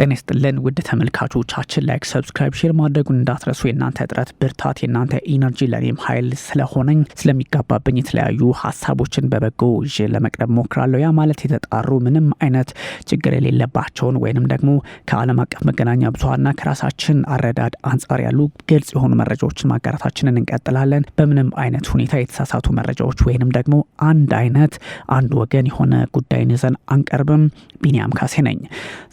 ጤና ይስጥልን ውድ ተመልካቾቻችን፣ ላይክ፣ ሰብስክራይብ፣ ሼር ማድረጉን እንዳትረሱ። የእናንተ ጥረት ብርታት፣ የእናንተ ኢነርጂ ለእኔም ኃይል ስለሆነኝ ስለሚጋባብኝ የተለያዩ ሀሳቦችን በበጎ ይዤ ለመቅረብ ሞክራለሁ። ያ ማለት የተጣሩ ምንም አይነት ችግር የሌለባቸውን ወይንም ደግሞ ከዓለም አቀፍ መገናኛ ብዙሀንና ከራሳችን አረዳድ አንጻር ያሉ ግልጽ የሆኑ መረጃዎችን ማጋራታችንን እንቀጥላለን። በምንም አይነት ሁኔታ የተሳሳቱ መረጃዎች ወይንም ደግሞ አንድ አይነት አንድ ወገን የሆነ ጉዳይን ይዘን አንቀርብም። ቢኒያም ካሴ ነኝ።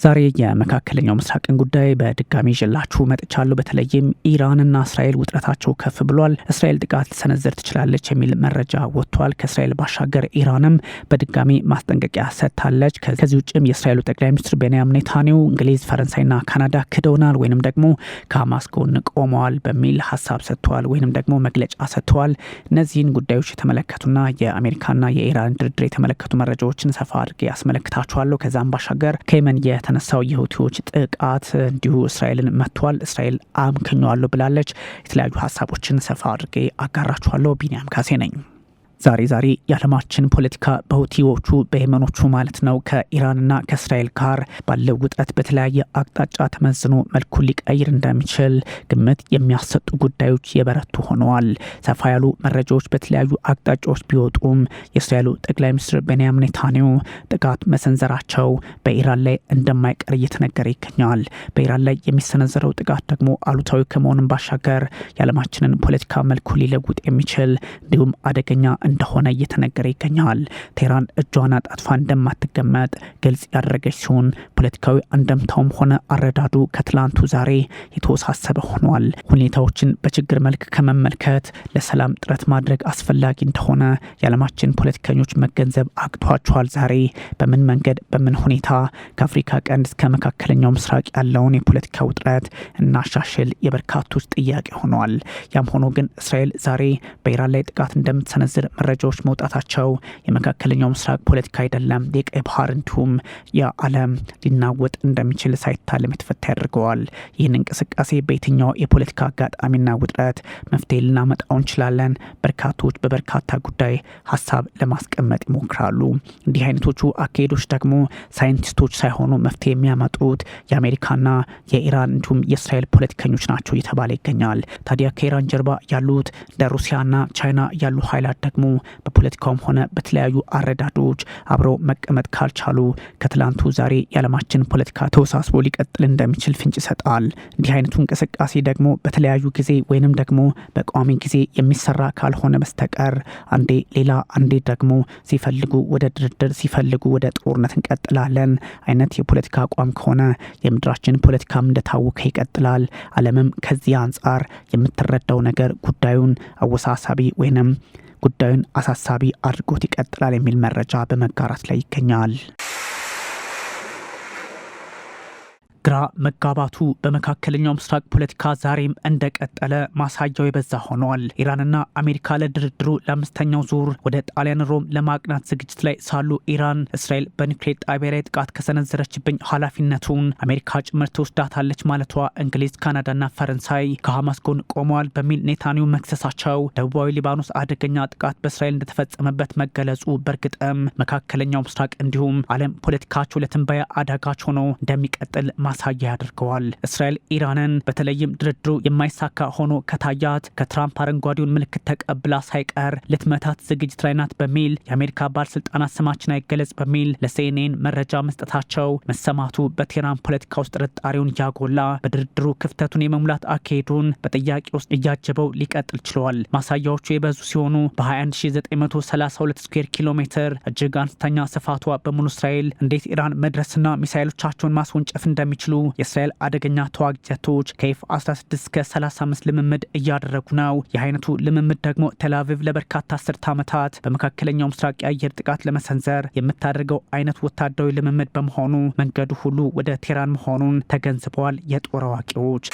ዛሬ የመ የመካከለኛው ምስራቅን ጉዳይ በድጋሚ ይዤላችሁ መጥቻለሁ። በተለይም ኢራንና እስራኤል ውጥረታቸው ከፍ ብሏል። እስራኤል ጥቃት ልትሰነዝር ትችላለች የሚል መረጃ ወጥቷል። ከእስራኤል ባሻገር ኢራንም በድጋሚ ማስጠንቀቂያ ሰጥታለች። ከዚህ ውጭም የእስራኤሉ ጠቅላይ ሚኒስትር ቤንያም ኔታንያሁ እንግሊዝ፣ ፈረንሳይና ካናዳ ክደውናል ወይንም ደግሞ ከሀማስ ጎን ቆመዋል በሚል ሀሳብ ሰጥተዋል ወይንም ደግሞ መግለጫ ሰጥተዋል። እነዚህን ጉዳዮች የተመለከቱና የአሜሪካና የኢራን ድርድር የተመለከቱ መረጃዎችን ሰፋ አድርጌ ያስመለክታችኋለሁ። ከዛም ባሻገር ከየመን የተነሳው የሁቲ የሁቲዎች ጥቃት እንዲሁ እስራኤልን መጥቷል። እስራኤል አምክኘዋለሁ ብላለች። የተለያዩ ሀሳቦችን ሰፋ አድርጌ አጋራችኋለሁ። ቢኒያም ካሴ ነኝ። ዛሬ ዛሬ የዓለማችን ፖለቲካ በሁቲዎቹ በየመኖቹ ማለት ነው ከኢራንና ከእስራኤል ጋር ባለው ውጥረት በተለያየ አቅጣጫ ተመዝኖ መልኩ ሊቀይር እንደሚችል ግምት የሚያሰጡ ጉዳዮች የበረቱ ሆነዋል። ሰፋ ያሉ መረጃዎች በተለያዩ አቅጣጫዎች ቢወጡም የእስራኤሉ ጠቅላይ ሚኒስትር ቤንያሚን ኔታንያሁ ጥቃት መሰንዘራቸው በኢራን ላይ እንደማይቀር እየተነገረ ይገኛል። በኢራን ላይ የሚሰነዘረው ጥቃት ደግሞ አሉታዊ ከመሆኑን ባሻገር የዓለማችንን ፖለቲካ መልኩ ሊለውጥ የሚችል እንዲሁም አደገኛ እንደሆነ እየተነገረ ይገኘዋል። ቴህራን እጇን አጣጥፋ እንደማትገመጥ ግልጽ ያደረገች ሲሆን ፖለቲካዊ አንደምታውም ሆነ አረዳዱ ከትላንቱ ዛሬ የተወሳሰበ ሆኗል። ሁኔታዎችን በችግር መልክ ከመመልከት ለሰላም ጥረት ማድረግ አስፈላጊ እንደሆነ የዓለማችን ፖለቲከኞች መገንዘብ አቅቷቸዋል። ዛሬ በምን መንገድ በምን ሁኔታ ከአፍሪካ ቀንድ እስከ መካከለኛው ምስራቅ ያለውን የፖለቲካ ውጥረት እናሻሽል የበርካቶች ጥያቄ ሆኗል። ያም ሆኖ ግን እስራኤል ዛሬ በኢራን ላይ ጥቃት እንደምትሰነዝር መረጃዎች መውጣታቸው የመካከለኛው ምስራቅ ፖለቲካ አይደለም የቀይ ባህር እንዲሁም የዓለም ሊናወጥ እንደሚችል ሳይታለም የተፈታ ያደርገዋል። ይህን እንቅስቃሴ በየትኛው የፖለቲካ አጋጣሚና ውጥረት መፍትሄ ልናመጣው እንችላለን? በርካቶች በበርካታ ጉዳይ ሀሳብ ለማስቀመጥ ይሞክራሉ። እንዲህ አይነቶቹ አካሄዶች ደግሞ ሳይንቲስቶች ሳይሆኑ መፍትሄ የሚያመጡት የአሜሪካና የኢራን እንዲሁም የእስራኤል ፖለቲከኞች ናቸው እየተባለ ይገኛል። ታዲያ ከኢራን ጀርባ ያሉት እንደ ሩሲያና ቻይና ያሉ ኃይላት ደግሞ በፖለቲካውም ሆነ በተለያዩ አረዳዶች አብረው መቀመጥ ካልቻሉ ከትላንቱ ዛሬ የዓለማችን ፖለቲካ ተወሳስቦ ሊቀጥል እንደሚችል ፍንጭ ይሰጣል። እንዲህ አይነቱ እንቅስቃሴ ደግሞ በተለያዩ ጊዜ ወይንም ደግሞ በቋሚ ጊዜ የሚሰራ ካልሆነ በስተቀር አንዴ ሌላ አንዴ ደግሞ ሲፈልጉ ወደ ድርድር ሲፈልጉ ወደ ጦርነት እንቀጥላለን አይነት የፖለቲካ አቋም ከሆነ የምድራችን ፖለቲካም እንደታወከ ይቀጥላል። ዓለምም ከዚህ አንጻር የምትረዳው ነገር ጉዳዩን አወሳሳቢ ወይንም ጉዳዩን አሳሳቢ አድርጎት ይቀጥላል የሚል መረጃ በመጋራት ላይ ይገኛል። ግራ መጋባቱ በመካከለኛው ምስራቅ ፖለቲካ ዛሬም እንደቀጠለ ማሳያው የበዛ ሆነዋል። ኢራንና አሜሪካ ለድርድሩ ለአምስተኛው ዙር ወደ ጣሊያን ሮም ለማቅናት ዝግጅት ላይ ሳሉ ኢራን እስራኤል በኒውክሌር ጣቢያ ላይ ጥቃት ከሰነዘረችብኝ ኃላፊነቱን አሜሪካ ጭምር ትወስዳታለች ማለቷ እንግሊዝ፣ ካናዳና ፈረንሳይ ከሐማስ ጎን ቆመዋል በሚል ኔታኒው መክሰሳቸው፣ ደቡባዊ ሊባኖስ አደገኛ ጥቃት በእስራኤል እንደተፈጸመበት መገለጹ በእርግጥም መካከለኛው ምስራቅ እንዲሁም ዓለም ፖለቲካቸው ለትንበያ አዳጋች ሆኖ እንደሚቀጥል ማሳያ ያደርገዋል። እስራኤል ኢራንን በተለይም ድርድሩ የማይሳካ ሆኖ ከታያት ከትራምፕ አረንጓዴውን ምልክት ተቀብላ ሳይቀር ልትመታት ዝግጅት ላይ ናት በሚል የአሜሪካ ባለስልጣናት ስማችን አይገለጽ በሚል ለሲኤንኤን መረጃ መስጠታቸው መሰማቱ በቴህራን ፖለቲካ ውስጥ ጥርጣሬውን ያጎላ፣ በድርድሩ ክፍተቱን የመሙላት አካሄዱን በጥያቄ ውስጥ እያጀበው ሊቀጥል ችሏል። ማሳያዎቹ የበዙ ሲሆኑ በ21932 ስኩዌር ኪሎ ሜትር እጅግ አነስተኛ ስፋቷ በሙሉ እስራኤል እንዴት ኢራን መድረስና ሚሳይሎቻቸውን ማስወንጨፍ እንደሚችል የሚችሉ የእስራኤል አደገኛ ተዋጊ ጀቶች ከኤፍ 16 እስከ 35 ልምምድ እያደረጉ ነው። ይህ አይነቱ ልምምድ ደግሞ ቴላቪቭ ለበርካታ አስርተ ዓመታት በመካከለኛው ምስራቅ የአየር ጥቃት ለመሰንዘር የምታደርገው አይነት ወታደራዊ ልምምድ በመሆኑ መንገዱ ሁሉ ወደ ቴህራን መሆኑን ተገንዝበዋል የጦር አዋቂዎች።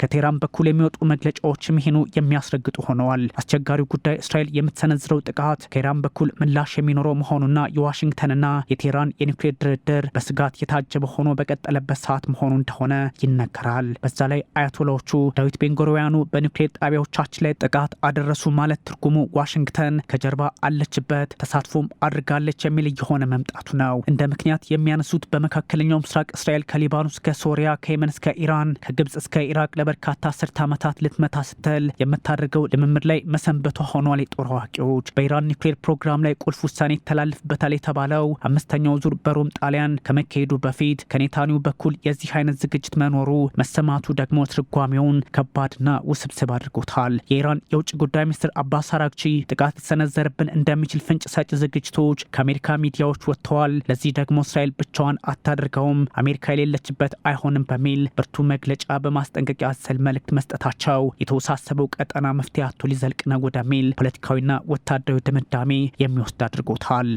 ከቴህራን በኩል የሚወጡ መግለጫዎችም ይህኑ የሚያስረግጡ ሆነዋል። አስቸጋሪው ጉዳይ እስራኤል የምትሰነዝረው ጥቃት ከኢራን በኩል ምላሽ የሚኖረው መሆኑና የዋሽንግተንና የቴህራን የኒውክሌር ድርድር በስጋት የታጀበ ሆኖ በቀጠለበት ሰዓት መሆኑ እንደሆነ ይነገራል። በዛ ላይ አያቶላዎቹ ዳዊት ቤንጎሮውያኑ በኒውክሌር ጣቢያዎቻችን ላይ ጥቃት አደረሱ ማለት ትርጉሙ ዋሽንግተን ከጀርባ አለችበት ተሳትፎም አድርጋለች የሚል እየሆነ መምጣቱ ነው። እንደ ምክንያት የሚያነሱት በመካከለኛው ምስራቅ እስራኤል ከሊባኖስ እስከ ሶሪያ ከየመን እስከ ኢራን ከግብጽ እስከ ኢራቅ ለበርካታ አስርተ ዓመታት ልትመታ ስትል የምታደርገው ልምምድ ላይ መሰንበቷ ሆኗል። የጦር አዋቂዎች በኢራን ኒውክሌር ፕሮግራም ላይ ቁልፍ ውሳኔ ይተላልፍበታል የተባለው አምስተኛው ዙር በሮም ጣሊያን ከመካሄዱ በፊት ከኔታኒው በኩል የዚህ አይነት ዝግጅት መኖሩ መሰማቱ ደግሞ ትርጓሜውን ከባድና ውስብስብ አድርጎታል። የኢራን የውጭ ጉዳይ ሚኒስትር አባስ አራግቺ ጥቃት ሊሰነዘርብን እንደሚችል ፍንጭ ሰጭ ዝግጅቶች ከአሜሪካ ሚዲያዎች ወጥተዋል። ለዚህ ደግሞ እስራኤል ብቻዋን አታደርገውም፣ አሜሪካ የሌለችበት አይሆንም በሚል ብርቱ መግለጫ በማስጠንቀቂያ መሰል መልእክት መስጠታቸው የተወሳሰበው ቀጠና መፍትሄ አቶ ሊዘልቅ ነው ወደሚል ፖለቲካዊና ወታደራዊ ድምዳሜ የሚወስድ አድርጎታል።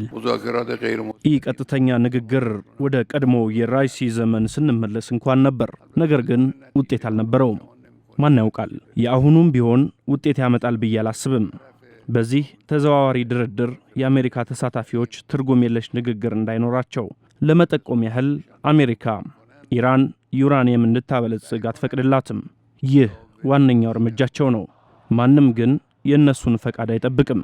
ይህ ቀጥተኛ ንግግር ወደ ቀድሞ የራይሲ ዘመን ስንመለስ እንኳን ነበር፣ ነገር ግን ውጤት አልነበረውም። ማን ያውቃል? የአሁኑም ቢሆን ውጤት ያመጣል ብዬ አላስብም። በዚህ ተዘዋዋሪ ድርድር የአሜሪካ ተሳታፊዎች ትርጉም የለሽ ንግግር እንዳይኖራቸው ለመጠቆም ያህል አሜሪካ፣ ኢራን ዩራኒየም እንድታበለጽግ አትፈቅድላትም። ይህ ዋነኛው እርምጃቸው ነው። ማንም ግን የእነሱን ፈቃድ አይጠብቅም።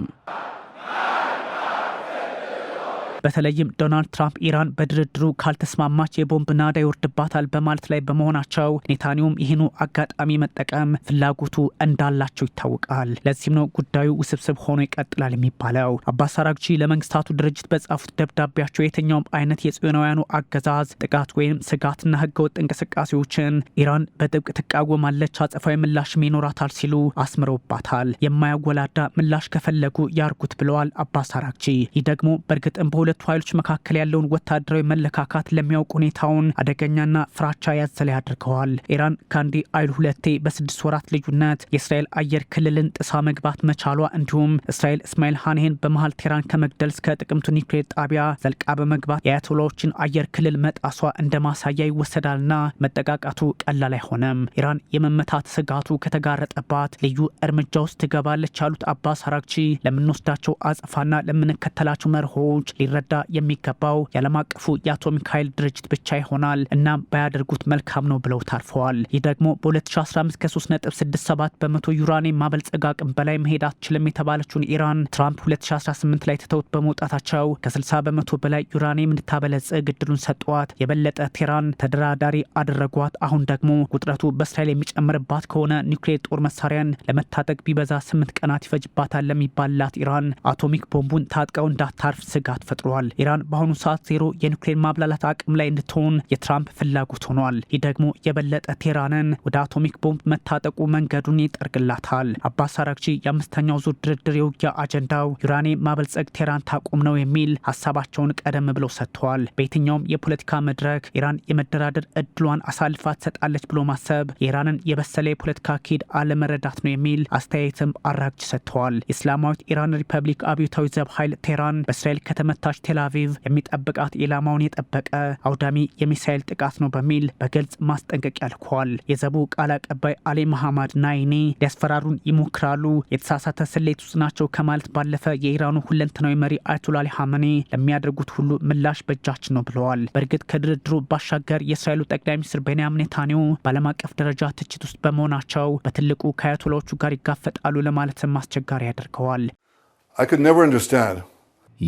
በተለይም ዶናልድ ትራምፕ ኢራን በድርድሩ ካልተስማማች የቦምብ ናዳ ይወርድባታል በማለት ላይ በመሆናቸው ኔታንያሁም ይህኑ አጋጣሚ መጠቀም ፍላጎቱ እንዳላቸው ይታወቃል። ለዚህም ነው ጉዳዩ ውስብስብ ሆኖ ይቀጥላል የሚባለው። አባስ አራግቺ ለመንግስታቱ ድርጅት በጻፉት ደብዳቤያቸው የትኛውም አይነት የጽዮናውያኑ አገዛዝ ጥቃት ወይም ስጋትና ህገወጥ እንቅስቃሴዎችን ኢራን በጥብቅ ትቃወማለች፣ አጸፋዊ ምላሽም ይኖራታል ሲሉ አስምረውባታል። የማያወላዳ ምላሽ ከፈለጉ ያርጉት ብለዋል አባስ አራግቺ። ይህ ደግሞ በእርግጥም በሁለ በሁለቱ ኃይሎች መካከል ያለውን ወታደራዊ መለካካት ለሚያውቅ ሁኔታውን አደገኛና ፍራቻ ያዘለ ያድርገዋል። ኢራን ከአንዴ አይል ሁለቴ በስድስት ወራት ልዩነት የእስራኤል አየር ክልልን ጥሳ መግባት መቻሏ እንዲሁም እስራኤል እስማኤል ሃኔህን በመሀል ቴራን ከመግደል እስከ ጥቅምቱ ኒውክሌር ጣቢያ ዘልቃ በመግባት የአያቶላዎችን አየር ክልል መጣሷ እንደ ማሳያ ይወሰዳልና መጠቃቃቱ ቀላል አይሆነም። ኢራን የመመታት ስጋቱ ከተጋረጠባት ልዩ እርምጃ ውስጥ ትገባለች ያሉት አባስ አራግቺ ለምንወስዳቸው አጸፋና ለምንከተላቸው መርሆች ሊረ ሊረዳ የሚገባው የዓለም አቀፉ የአቶሚክ ኃይል ድርጅት ብቻ ይሆናል እናም ባያደርጉት መልካም ነው ብለው ታርፈዋል። ይህ ደግሞ በ2015 ከ3.67 በመቶ ዩራኒየም ማበልጸግ አቅም በላይ መሄድ አትችልም የተባለችውን ኢራን ትራምፕ 2018 ላይ ትተውት በመውጣታቸው ከ60 በመቶ በላይ ዩራኒየም እንድታበለጽግ እድሉን ሰጠዋት። የበለጠ ቴራን ተደራዳሪ አደረጓት። አሁን ደግሞ ውጥረቱ በእስራኤል የሚጨምርባት ከሆነ ኒውክሌር ጦር መሳሪያን ለመታጠቅ ቢበዛ ስምንት ቀናት ይፈጅባታል ለሚባላት ኢራን አቶሚክ ቦምቡን ታጥቀው እንዳታርፍ ስጋት ፈጥሮ ተናግረዋል። ኢራን በአሁኑ ሰዓት ዜሮ የኒውክሌር ማብላላት አቅም ላይ እንድትሆን የትራምፕ ፍላጎት ሆኗል። ይህ ደግሞ የበለጠ ቴህራንን ወደ አቶሚክ ቦምብ መታጠቁ መንገዱን ይጠርግላታል። አባስ አራግቺ የአምስተኛው ዙር ድርድር የውጊያ አጀንዳው ዩራኒየም ማበልጸግ ቴህራን ታቁም ነው የሚል ሀሳባቸውን ቀደም ብለው ሰጥተዋል። በየትኛውም የፖለቲካ መድረክ ኢራን የመደራደር እድሏን አሳልፋ ትሰጣለች ብሎ ማሰብ የኢራንን የበሰለ የፖለቲካ ኪድ አለመረዳት ነው የሚል አስተያየትም አራግቺ ሰጥተዋል። የእስላማዊት ኢራን ሪፐብሊክ አብዮታዊ ዘብ ኃይል ቴህራን በእስራኤል ከተመታች ቴል አቪቭ የሚጠብቃት ኢላማውን የጠበቀ አውዳሚ የሚሳኤል ጥቃት ነው በሚል በግልጽ ማስጠንቀቂያ ልኳል። የዘቡ ቃል አቀባይ አሊ መሐማድ ናይኒ ሊያስፈራሩን ይሞክራሉ፣ የተሳሳተ ስሌት ውስጥ ናቸው ከማለት ባለፈ የኢራኑ ሁለንተናዊ መሪ አያቶላ አሊ ሀመኔ ለሚያደርጉት ሁሉ ምላሽ በእጃችን ነው ብለዋል። በእርግጥ ከድርድሩ ባሻገር የእስራኤሉ ጠቅላይ ሚኒስትር ቤንያሚን ኔታንያሁ በዓለም አቀፍ ደረጃ ትችት ውስጥ በመሆናቸው በትልቁ ከአያቶላዎቹ ጋር ይጋፈጣሉ ለማለትም አስቸጋሪ ያደርገዋል።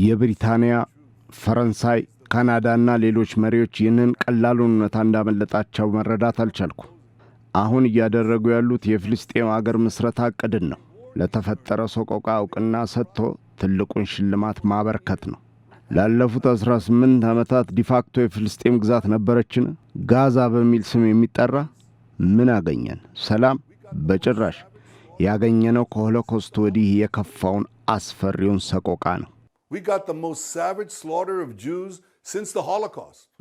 የብሪታንያ፣ ፈረንሳይ፣ ካናዳና ሌሎች መሪዎች ይህንን ቀላሉን እውነታ እንዳመለጣቸው መረዳት አልቻልኩ። አሁን እያደረጉ ያሉት የፍልስጤም አገር ምስረታ ዕቅድን ነው። ለተፈጠረ ሰቆቃ እውቅና ሰጥቶ ትልቁን ሽልማት ማበርከት ነው። ላለፉት 18 ዓመታት ዲፋክቶ የፍልስጤም ግዛት ነበረችን። ጋዛ በሚል ስም የሚጠራ ምን አገኘን? ሰላም በጭራሽ። ያገኘነው ከሆሎኮስት ወዲህ የከፋውን አስፈሪውን ሰቆቃ ነው። We got the most savage slaughter of Jews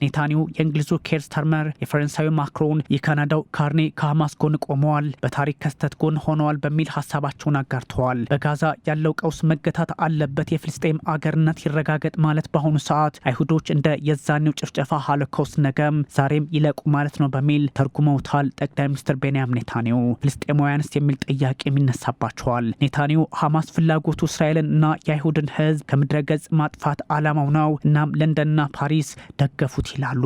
ኔታንያሁ፣ የእንግሊዙ ኬር ስታርመር፣ የፈረንሳዊ ማክሮን፣ የካናዳው ካርኔ ከሐማስ ጎን ቆመዋል፣ በታሪክ ክስተት ጎን ሆነዋል በሚል ሀሳባቸውን አጋርተዋል። በጋዛ ያለው ቀውስ መገታት አለበት፣ የፍልስጤም አገርነት ይረጋገጥ ማለት በአሁኑ ሰዓት አይሁዶች እንደ የዛኔው ጭፍጨፋ ሀሎኮስት ነገም ዛሬም ይለቁ ማለት ነው በሚል ተርጉመውታል። ጠቅላይ ሚኒስትር ቤንያም ኔታንያሁ ፍልስጤማውያንስ የሚል ጥያቄም ይነሳባቸዋል። ኔታንያሁ ሐማስ ፍላጎቱ እስራኤልን እና የአይሁድን ህዝብ ከምድረ ገጽ ማጥፋት ዓላማው ነው እናም ለንደንና ፓሪስ ደገፉት ይላሉ።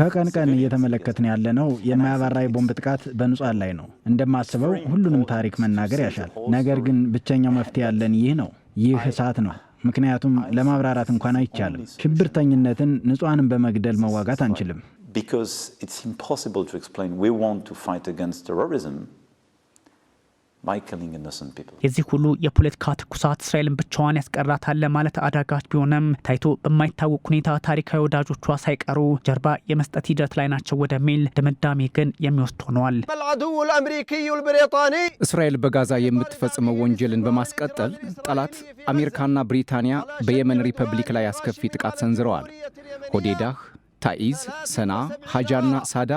ከቀን ቀን እየተመለከትን ያለነው የማያባራ ቦምብ ጥቃት በንጹሐን ላይ ነው። እንደማስበው ሁሉንም ታሪክ መናገር ያሻል። ነገር ግን ብቸኛው መፍትሄ ያለን ይህ ነው። ይህ እሳት ነው። ምክንያቱም ለማብራራት እንኳን አይቻልም። ሽብርተኝነትን ንጹሐንን በመግደል መዋጋት አንችልም። የዚህ ሁሉ የፖለቲካ ትኩሳት እስራኤልን ብቻዋን ያስቀራታል ለማለት አዳጋች ቢሆንም ታይቶ በማይታወቅ ሁኔታ ታሪካዊ ወዳጆቿ ሳይቀሩ ጀርባ የመስጠት ሂደት ላይ ናቸው ወደሚል ድምዳሜ ግን የሚወስድ ሆኗል። እስራኤል በጋዛ የምትፈጽመው ወንጀልን በማስቀጠል ጠላት አሜሪካና ብሪታንያ በየመን ሪፐብሊክ ላይ አስከፊ ጥቃት ሰንዝረዋል። ሆዴዳህ፣ ታኢዝ፣ ሰና፣ ሀጃና ሳዳ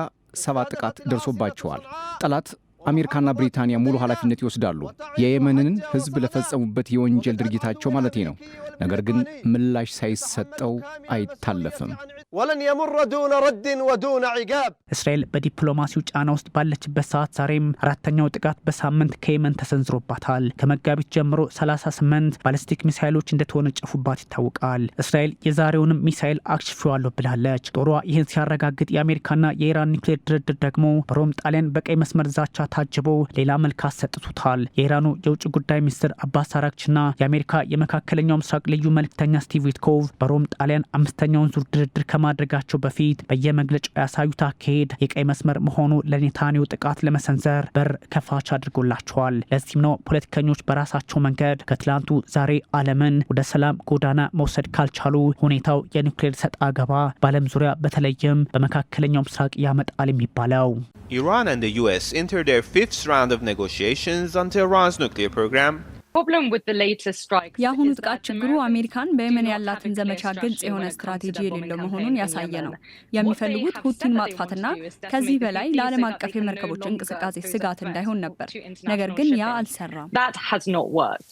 ሰባ ጥቃት ደርሶባቸዋል። ጠላት አሜሪካና ብሪታንያ ሙሉ ኃላፊነት ይወስዳሉ። የየመንን ሕዝብ ለፈጸሙበት የወንጀል ድርጊታቸው ማለቴ ነው። ነገር ግን ምላሽ ሳይሰጠው አይታለፍም። ወለን የሙረ ዱነ ረድን ወዱነ ዒጋብ። እስራኤል በዲፕሎማሲው ጫና ውስጥ ባለችበት ሰዓት ዛሬም አራተኛው ጥቃት በሳምንት ከየመን ተሰንዝሮባታል። ከመጋቢት ጀምሮ 38 ባለስቲክ ሚሳይሎች እንደተወነጨፉባት ይታወቃል። እስራኤል የዛሬውንም ሚሳይል አክሽፌዋለሁ ብላለች። ጦሯ ይህን ሲያረጋግጥ የአሜሪካና የኢራን ኒውክሌር ድርድር ደግሞ በሮም ጣሊያን በቀይ መስመር ዛቻ ታጅቦ ሌላ መልክ አሰጥቶታል። የኢራኑ የውጭ ጉዳይ ሚኒስትር አባስ አራግቺና የአሜሪካ የመካከለኛው ምስራቅ ልዩ መልክተኛ ስቲቭ ዊትኮቭ በሮም ጣሊያን አምስተኛውን ዙር ድርድር ከማድረጋቸው በፊት በየመግለጫው ያሳዩት አካሄድ የቀይ መስመር መሆኑ ለኔታንያሁ ጥቃት ለመሰንዘር በር ከፋች አድርጎላቸዋል። ለዚህም ነው ፖለቲከኞች በራሳቸው መንገድ ከትላንቱ ዛሬ ዓለምን ወደ ሰላም ጎዳና መውሰድ ካልቻሉ ሁኔታው የኒውክሌር ሰጥ አገባ በዓለም ዙሪያ በተለይም በመካከለኛው ምስራቅ ያመጣል የሚባለው ኢራን their fifth round of negotiations on Tehran's nuclear program. የአሁኑ ጥቃት ችግሩ አሜሪካን በየመን ያላትን ዘመቻ ግልጽ የሆነ ስትራቴጂ የሌለው መሆኑን ያሳየ ነው። የሚፈልጉት ሁቲን ማጥፋትና ከዚህ በላይ ለዓለም አቀፍ የመርከቦች እንቅስቃሴ ስጋት እንዳይሆን ነበር። ነገር ግን ያ አልሰራም።